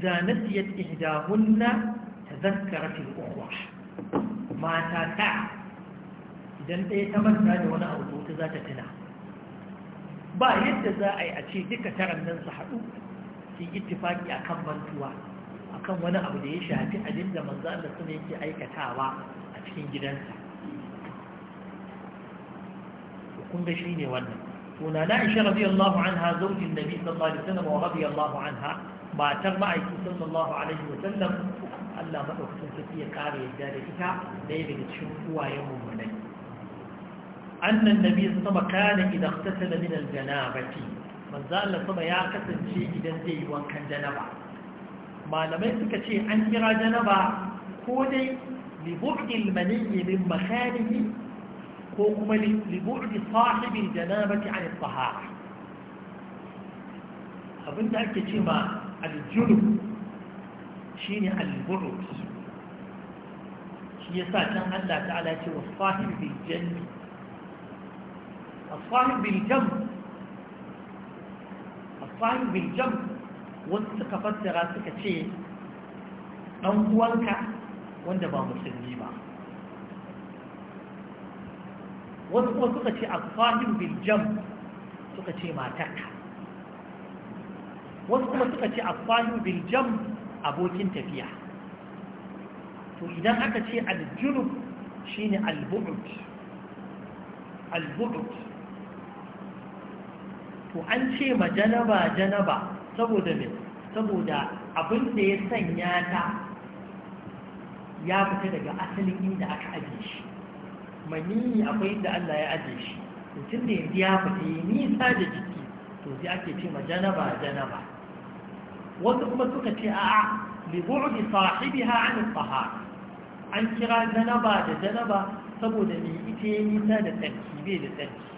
إذا نسيت إحداهن تذكرت الأخرى ما تتع إذن إيه تمنى لونا أرضوت ذات تنا با يد زائي أتي ديك ترى من صحبه في اتفاقي أكم من توا أكم وانا أبو دي شهدي أدين من ذا لسنة في أي كتاوا أتكين جدنسا وكم بشيني وانا ونا عائشة رضي الله عنها زوج النبي صلى الله عليه وسلم ورضي الله عنها matar ma'aiki sallallahu alaihi wa sallam Allah madaukakin sarki ya kare yadda da ita da ɗaya da cikin uwayen mummunai annan nabi sama kana idan ikhtasala min aljanabati manzo Allah sama ya kasance idan zai yi wankan janaba malamai suka ce an kira janaba ko dai li bu'di almani min makhalihi ko kuma li bu'di sahibi aljanabati an as-sahaba abinda ake cewa aljunub shine alburud shi ya sa can Allah ta'ala ce wa Fahim bil ne. A Fahim bil a Fahim sahib bil wanda suka fassara suka ce dan uwanka wanda ba musulmi ba wasu kuma suka ce a Fahim bil suka ce matarka wasu kuma suka ce asfahu bil jam abokin tafiya to idan aka ce al-junub shine al-bu'd al-bu'd to an ce ma janaba janaba saboda me saboda abin da ya sanya ta ya fita daga asalin inda aka ajiye shi manini akwai inda Allah ya ajiye shi mutum da yanzu ya fita yi nisa da jiki to sai ake ce ma janaba janaba wasu kuma suka ce a'a li bu'di sahibiha an tahara an kira janaba da janaba saboda mai ita ya nisa da tsarki bai da tsarki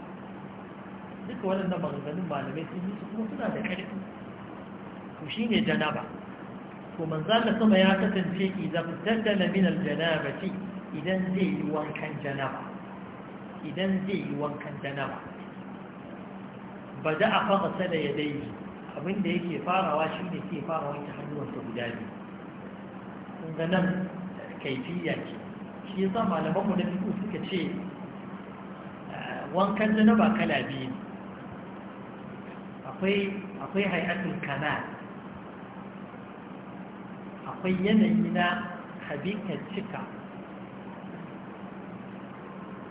duka waɗannan maganganun malamai sun yi su kuma suna da ƙarfi to shi ne janaba to manzan sama ya kasance idan daddala min aljanabati idan zai yi wankan janaba idan zai yi wankan janaba bada a fara sada ya daidai abin da yake farawa shi ne ke fara wanke hannuwansa guda biyu kun nan kaifiya ce shi ya sa mu na fiƙo suka ce eh, wankan na ba kala biyu ne akwai akwai hay'atul kana akwai yanayi na habikar cika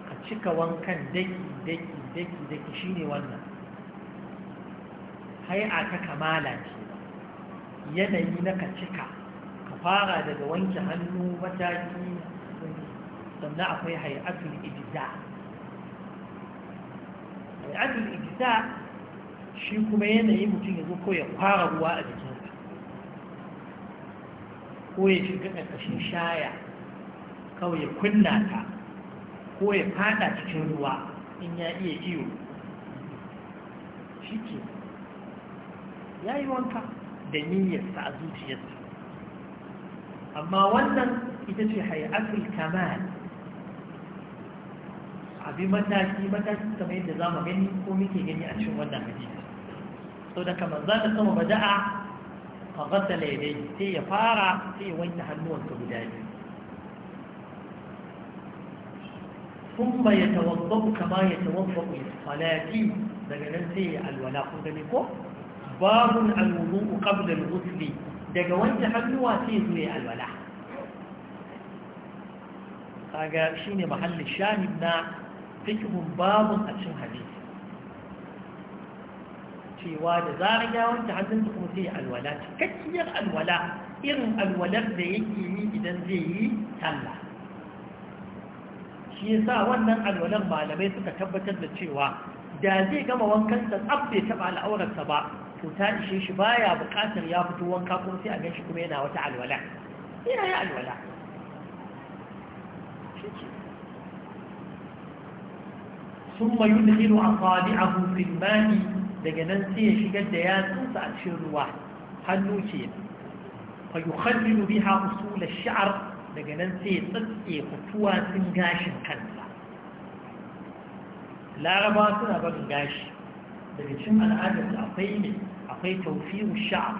ka cika wankan daki daki daki daki ne wannan hai'a ta kamala ce yanayi na ka cika ka fara daga wanke hannu mataki sannan akwai hai'atul ijza hai'atul ijza shi kuma yanayi mutum ya zo ko ya fara ruwa a jikinsa ko ya shiga ƙarƙashin shaya kawai ya kunna ta ko ya fada cikin ruwa in ya iya iyo shi ke ya yi wanka da niyyarsa a zuciyarsa amma wannan ita ce hayatul kamal abin mataki mataki kamar yadda za mu gani ko muke gani a cikin wannan hadisi sau da kamar za ta sama bada'a a gasa laidai sai ya fara sai ya wanke hannuwansa guda biyu ثم يتوضأ كما يتوضأ للصلاة daga nan sai ya alwala kun gani ko babun alwudu qabla al-ghusl daga wanda hannuwa sai zuwa alwala kaga ne mahallin shahid na fikhun babun a cin hadisi cewa da zarar ya wanke hannun da kuma sai alwala cikakkiyar alwala irin alwalar da yake yi idan zai yi talla shi ya sa wannan alwalar malamai suka tabbatar da cewa da zai gama wankan da tsab bai taɓa al'aurarsa ba to ta ishe shi baya bukatar ya fito wanka kuma sai a ganshi kuma yana wata alwala yana yi alwala da يدخل أصابعه في الماء daga nan sai ya shigar da yatsunsa a cikin ruwa hannu ce fa yukhallilu ha usul da shar daga nan sai ya tsatse fituwa sun gashin kansa laraba suna barin gashi daga cin al'adarsu akwai ne akwai taufiru sha'ar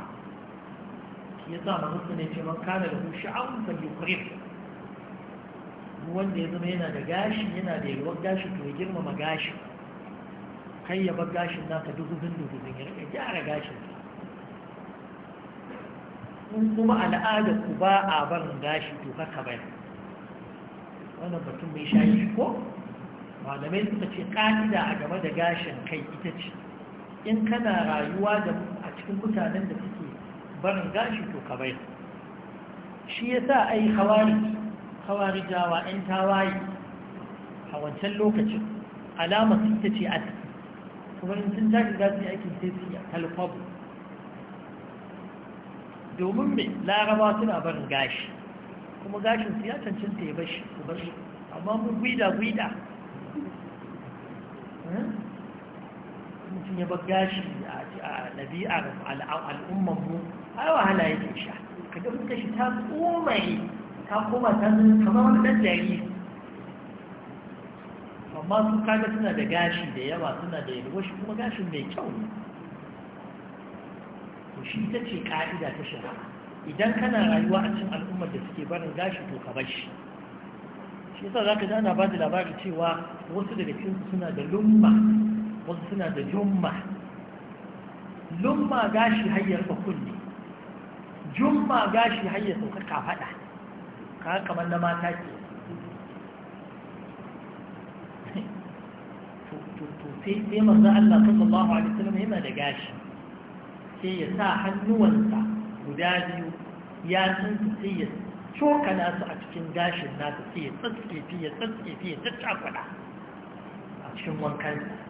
shi ya sa masu ne ce man kana da sha'ar fa yukrim wanda ya zama yana da gashi yana da yalwar gashi to ya girmama gashi kai ya bar gashin naka dugubin dugubin ya rika gyara gashin in kuma al'adar ku ba a barin gashi to haka bai wannan batun mai shayi ko malamai suka ce ƙa'ida a game da gashin kai ita ce in kana rayuwa da a cikin mutanen da suke barin gashi to ka bai shi ya sa ai hawari hawari jawa 'yan tawaye a wancan lokacin alama sun ta ce a kuma in sun tashi za su yi aikin sai su yi kalfabu domin mai laraba suna barin gashi kuma gashin su ya cancanta ya bashi su bashi amma mu gwida gwida mutum ya bar gashi a ɗabi'ar al'ummar mu ai wahala ke sha kaga fuskar shi ta tsomaye ta koma ta kamar wani ɗan amma su kaga suna da gashi da yawa suna da yalwa shi kuma gashin mai kyau ne to shi ita ce ka'ida ta shara idan kana rayuwa a cikin al'ummar da suke barin gashi to ka bar shi shi yasa zaka ji ana ba da labari cewa wasu daga cikin suna da lumba wasu suna da jumma lumma gashi hayyar fakun ne jumma gashi hayyar sauka kafaɗa ka kamar na mata ke sai sai manzan Allah sallallahu alaihi wasallam yana da gashi sai ya sa hannuwansa guda biyu ya sun sai ya coka nasu a cikin gashin nasu, sai ya tsatsefi ya tsatsefi ta tsaccakula a cikin wankan.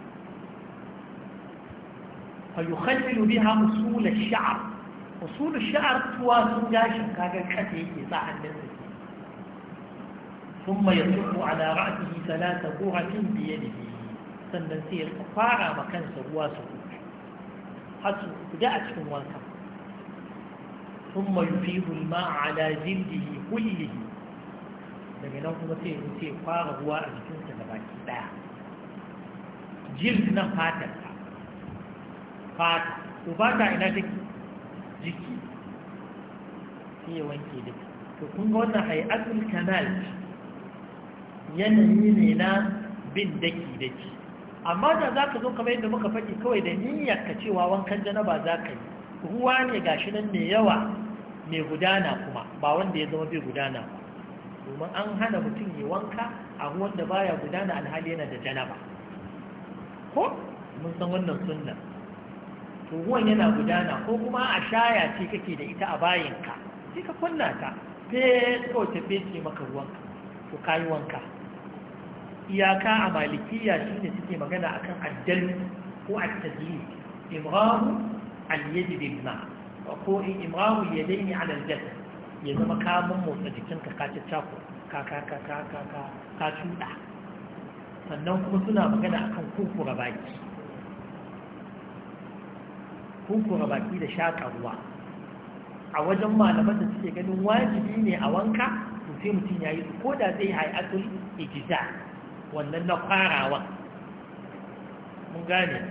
فيخلل بها مصول الشعر مصول الشعر توازن جاشم كاكا كاكي صاحا ثم يصح على رأسه ثلاثة قرة بيده سننسي الكفارة مكان سواسه حسو جاءت سواسه ثم يفيض الماء على جلده كله لكن لو تمسي نسي جلد نفاتك fata to fata ina take jiki shi ya wanke duka to kun ga wannan hay'atul kamal yanayi ne na bin daki daki amma da za ka zo kamar yadda muka faɗi kawai da niyyar ka cewa wankan janaba za ka yi ruwa ne gashi nan mai yawa mai gudana kuma ba wanda ya zama bai gudana ba domin an hana mutum ya wanka a ruwan da baya gudana alhali yana da janaba ko mun san wannan sunan? to ruwan yana gudana ko kuma a shaya ce kake da ita a bayanka sai ka kunna ta fes kawai ta fece maka ruwanka to kayi wanka iyaka a malikiya shine suke magana akan addal ko at-tajlid imrahu al-yad bil ma ko imrahu al-yadayn ala al-jasad ya zama kamun motsa jikinka ka caccako ka ka ka ka ka ka ka sannan kuma suna magana a kan kurkura baki kura baki da shaƙa ruwa a wajen malaman da suke ganin wajibi ne a wanka to sai mutum ya yi ko da zai hayatul ijiza wannan na farawa mun gane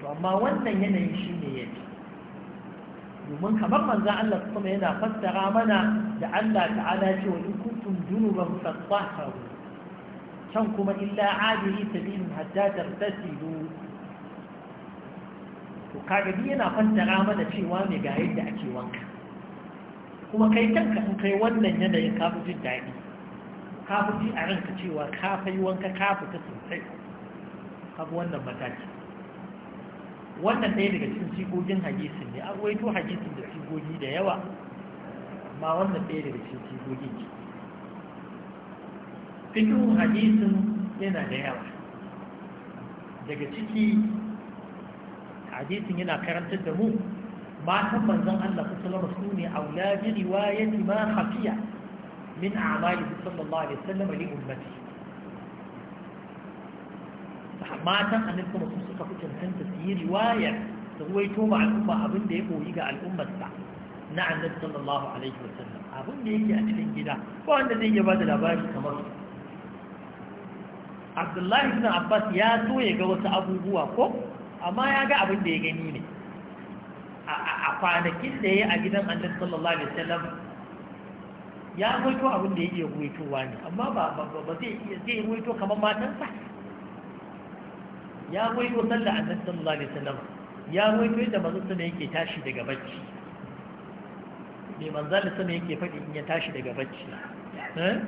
to amma wannan yanayin shi ne ya domin kamar manzan Allah kuma yana fassara mana da Allah ta'ala ce wa in kuntum junuban fasaharu can kuma illa ajiri sabilin hatta tartasilu to kaga duk yana da mana cewa ne ga yadda ake wanka kuma kai kanka in kai wannan yanayin kafin fi jin daɗi kafin ji a ranka cewa ka fa wanka ka fita sosai ka wannan mataki wannan ɗaya daga cikin sigogin hadisin ne an waito hadisin da sigogi da yawa amma wannan ɗaya daga cikin sigogin ce fikin hadisin yana da yawa daga ciki hadisin yana karantar da mu matan manzon Allah sallallahu alaihi wasallam su ne auladi riwayati ma hafiya min a'malihi sallallahu alaihi wasallam li ummati matan annabi kuma su suka fitin hanta su yi riwaya da ruwaito ma al'umma abin da ya koyi ga al'ummarsa na annabi sallallahu alaihi wasallam abin da yake a cikin gida ko wanda zai iya da labari kamar Abdullahi ibn Abbas ya so ya ga wasu abubuwa ko amma ya ga abin da ya gani ne a kwanakin da ya yi a gidan annabi sallallahu alaihi wasallam ya gwaito abin da ya iya gwaitowa ne amma ba zai iya gwaito kamar sa ya gwaito sallar annabi sallallahu alaihi wasallam ya gwaito yadda manzon sama yake tashi daga bacci mai manzon sama yake faɗi in ya tashi daga bacci eh?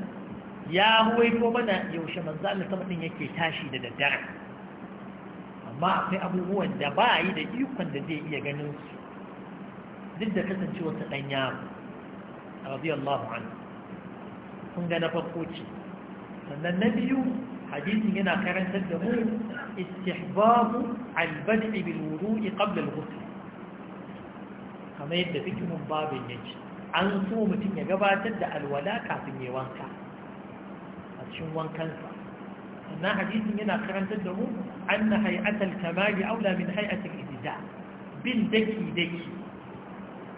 ya gwaito mana yaushe manzon sama din yake tashi da daddare amma akwai abubuwan da ba yi da ikon da zai iya ganin su duk da kasance wata ɗan yaro radiyallahu anhu kun ga na farko ce sannan na biyu hadisin yana karantar da mu istihbabu albad'i bil wudu'i qabla al-ghusl kamar yadda fikimin babin yake an so mutum ya gabatar da alwala kafin ya wanka a cikin wankansa sannan hadisin yana karantar da mu أن هيئة الكمال aula min هيئة الإبداع bin daki-daki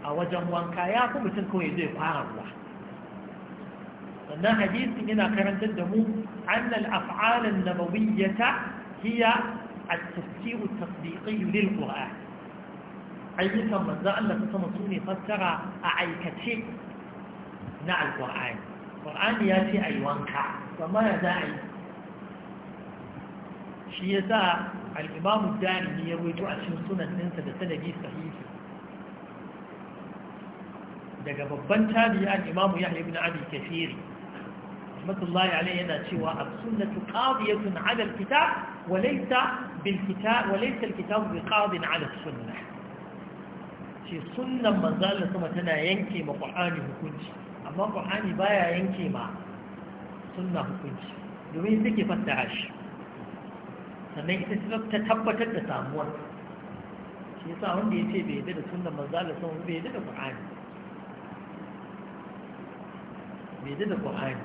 a wajen wanka ya fi mutum kawai zai fara ruwa sannan hadisin yana karantar da mu annal af'alan nabawiyyata hiya at-tafsiru tasdiqi lil qur'an ayyukan manzo Allah ta sama sune fassara a aikace na alqur'ani ƙurani ya ce ayi wanka amma ya za a yi shi ya sa al'imamu jami'i ya ruwaito a cikin sunan ɗinsa da sanadi sahihi daga babban tabi'an imamu yahya ibn abin kafiri rahmatullahi alayhi yana cewa a sunnatu qadiyatun 'ala al-kitab wa laysa bil-kitab wa laysa al-kitab bi qadin 'ala as-sunnah shi sunnan manzo kuma tana yanke ma Qur'ani hukunci amma Qur'ani baya yanke ma sunna hukunci domin take fassara shi sannan ita ce ta tabbatar da samuwar shi yasa wanda ya ce bai yi da sunan manzala sun bai yi da ƙwa'ani bai yi da ƙwa'ani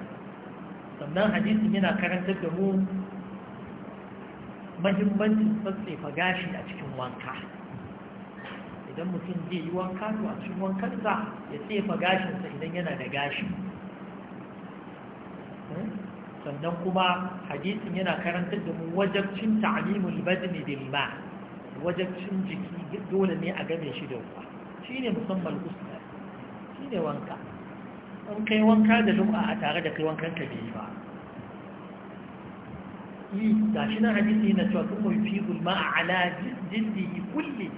sannan hadisun yana karantar da mu mahimmancin tsatsefa gashi a cikin wanka idan mutum zai yi wanka to a cikin wankansa ya tsefa gashinsa idan yana da gashi sannan kuma hadisin yana karantar da mu wajabcin ta'limul badni bil ma wajabcin jiki dole ne a game shi da ruwa shine musamman usta shine wanka An kai wanka da lum'a a tare da kai wankan ka bai ba yi gashi na hadisi yana cewa kuma yufidul ma'a ala jildihi kulli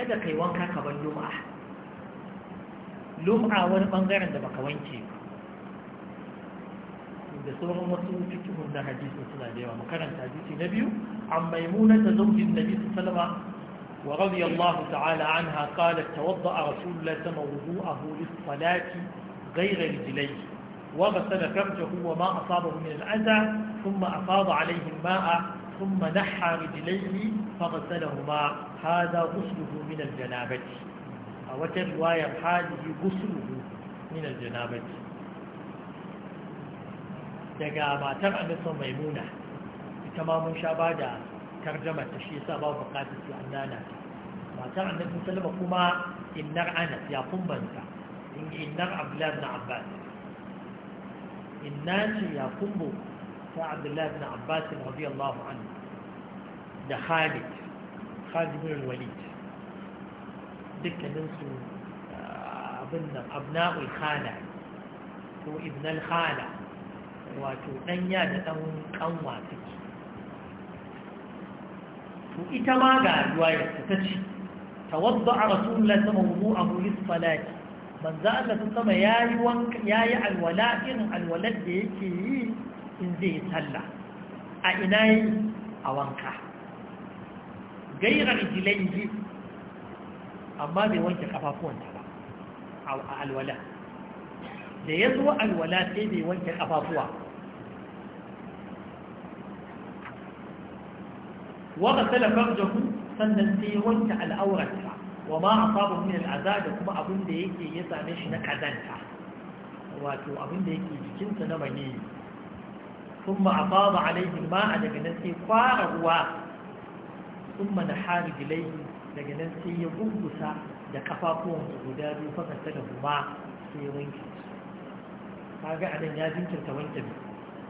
kada kai wanka ka ban lum'a lum'a wani bangaren da baka wanke ba da sauran wasu cikin da hadisi suna da yawa makaranta hadisi na biyu an maimuna ta zaujin nabi sallama wa radiyallahu ta'ala anha qalat tawadda'a rasulullahi sama wudu'ahu lis-salati ghayra wa wa kamtahu ma asabahu min وغسل فرجه وما أصابه من الأذى ثم أفاض عليه الماء ثم نحى رجليه فغسلهما هذا غسله من الجنابة أو رواية ghusluhu min al-janabati daga matar annabi maimuna ita ma mun sha ba da tarjamar ta shi yasa babu bukatar su an nana matar annabi sallama kuma innar anas ya kumbanta innar abdullahi na abbas inna ce ya kumbo ta abdullahi na abbas radiyallahu anhu da khalid khalid bin walid dukkanin su abin nan abna'ul khala ko ibnal khala wato ɗanya da ɗan ƙanwa suke Ku ita ma ga ya ta ce tawadda a rasulullah sama wudu a mulis falaki ban za Allah ta sama ya yi alwala irin alwalar da yake yi in zai yi sallah a ina yi a wanka gairar jilai amma bai wanke kafafuwanta ba a alwala da ya zo alwala sai bai wanke kafafuwa وغسل فرجه sannan sai ya wanke al'aurarta wa ma a sabu min al'aza da kuma abin da yake ya same shi na kazanta wato abin da yake jikinsa na mani sun ma a sabu alaihi ma a daga nan sai kwara ruwa sun ma na hari bilai daga nan sai ya gungusa da kafafuwan su guda biyu faka da kuma sai ya wanke kaga a nan ya jinkirta wanke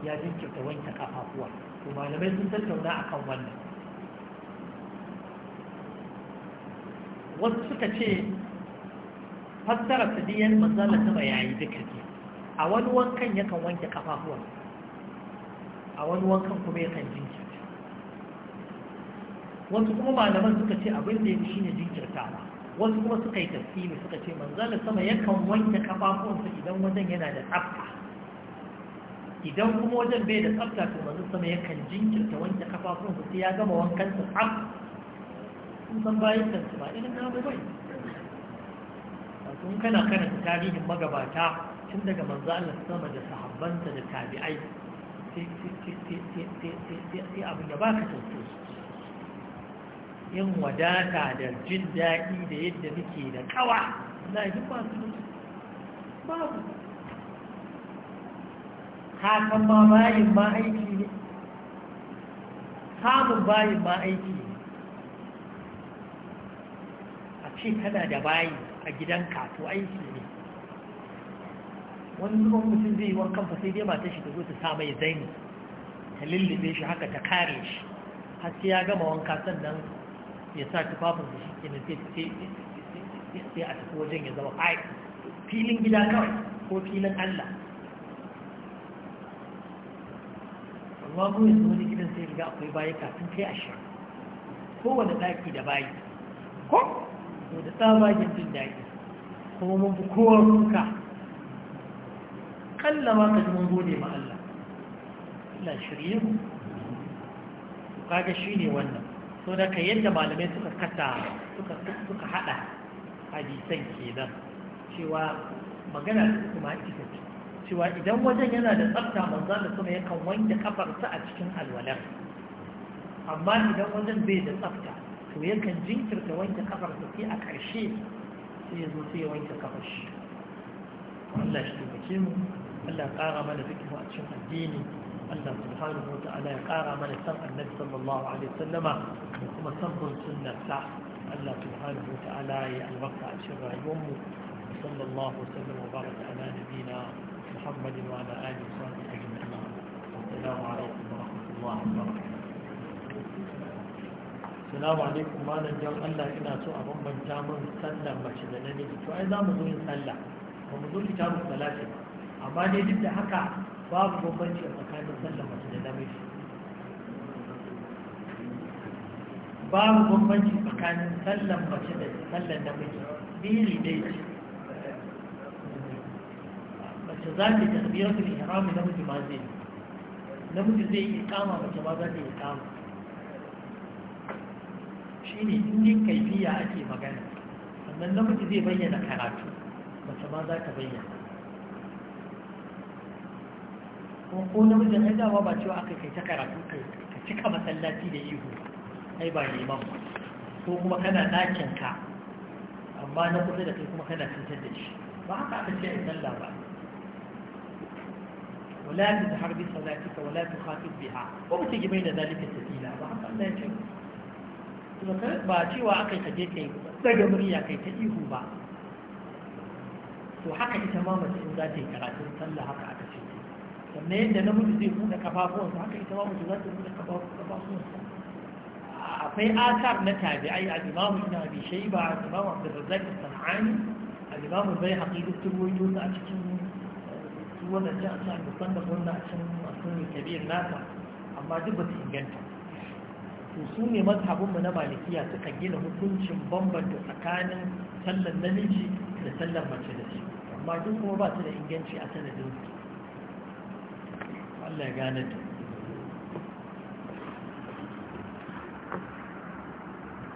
ya jinkirta wanke kafafuwa to malamai sun tattauna akan wannan wasu suka ce fassara su diyan manzala ta yayi duka ne a wani wankan yakan wanke kafafuwan a wani wankan kuma yakan jinkirta wasu kuma malaman suka ce abin da ya fi shi ne ba. wasu kuma suka yi tafsiri suka ce manzala sama yakan wanke kafafuwan su idan wajen yana da tsafta idan kuma wajen bai da tsafta to manzala sama yakan jinkirta wanke su sai ya gama wankan su tsafta sun san bayan kansu ba irin namu bai sun kana karanta tarihin magabata tun daga manzo Allah sama da sahabbanta da tabi'ai sai abin da baka tauto yin wadata da jin daɗi da yadda muke da kawa na yi ba su babu hakan ma bayin ma aiki ne samun bayan ma aiki ne ce kana da bayi a gidanka to aiki ne wani mutum zai yi wankan kamfa sai dai mata shi ta zo ta sa mai zaini, ta lullube shi haka ta kare shi har sai ya gama wanka sannan ya sa tufafin da shi ke sai a tafi wajen ya zama ai filin gida kawai ko filin Allah amma mu yanzu wani gidan sai riga akwai bayi kafin kai ashirin kowane ɗaki da bayi ko da saboda tsabagen jin daɗi kuma mun fi kowa kuka kallama ka ji mun gode ma Allah Allah shirye mu kaga ne wannan so da ka yadda malamai suka kasa suka suka hada hadisan kenan cewa magana kuma ita ce cewa idan wajen yana da tsafta manzan da suna yakan wanke kafarsa a cikin alwalar amma idan wajen bai da tsafta ويلك الجنتر كوين تقدر تسيء أكثر شيء في الزوسية وين تقدر شيء الله يشتري بكيمه الله يقارى من ذكره أتشف الديني الله سبحانه وتعالى يقارى من سرق النبي صلى الله عليه وسلم ثم سرق السنة صح الله سبحانه وتعالى الوقت أتشف يومه صلى الله وسلم وبارك على نبينا محمد وعلى آله وصحبه أجمعين السلام عليكم ورحمة الله وبركاته assalamu alaikum malam jan Allah ina so a bambanta min sallar mace da namiji to ai za mu zo yin sallah ba mu zo kitabun salati ba amma dai duk da haka babu bambanci a tsakanin sallar mace da namiji babu bambanci tsakanin sallar mace da sallar namiji biri dai ce mace za ta yi tasbiratul ihram namiji ma zai namiji zai yi kama mace ma za ta yi kama shi ne in kai kaifiya ake magana sannan namiji zai bayyana karatu mace ma za ta bayyana kuma ko namijin ai dama ba cewa aka kai ta karatu ka cika masallaci da ihu ai ba neman ba ko kuma kana ɗakin ka amma na kusa da kai kuma kana cutar da shi ba haka aka ce a sallah ba ولا تزهر بصلاتك ولا تخاطب بها وابتغ بين ذلك السبيلا وحق الله يجب ba cewa aka yi kaje kai daga murya kai ta ihu ba to haka ita ma mace in za ta yi karatun sallah haka aka ce sannan yadda namiji zai buɗe kafafuwansa haka ita ma mace za ta buɗe kafafuwansa akwai asar na tabi'ai al-imamu ibn abi shayba al-imamu abdurrazzaq as-sanani al-imamu bayhaqi duk ruwayo eh, a cikin su wannan jin a cikin musannaf wannan a cikin sunan kabir nasa amma duk ba su inganta to su ne mazhabinmu na malikiya suka gina hukuncin bambanta tsakanin sallan namiji da sallar mace da shi amma duk kuma ba su da inganci a sanadin su Allah ya gane da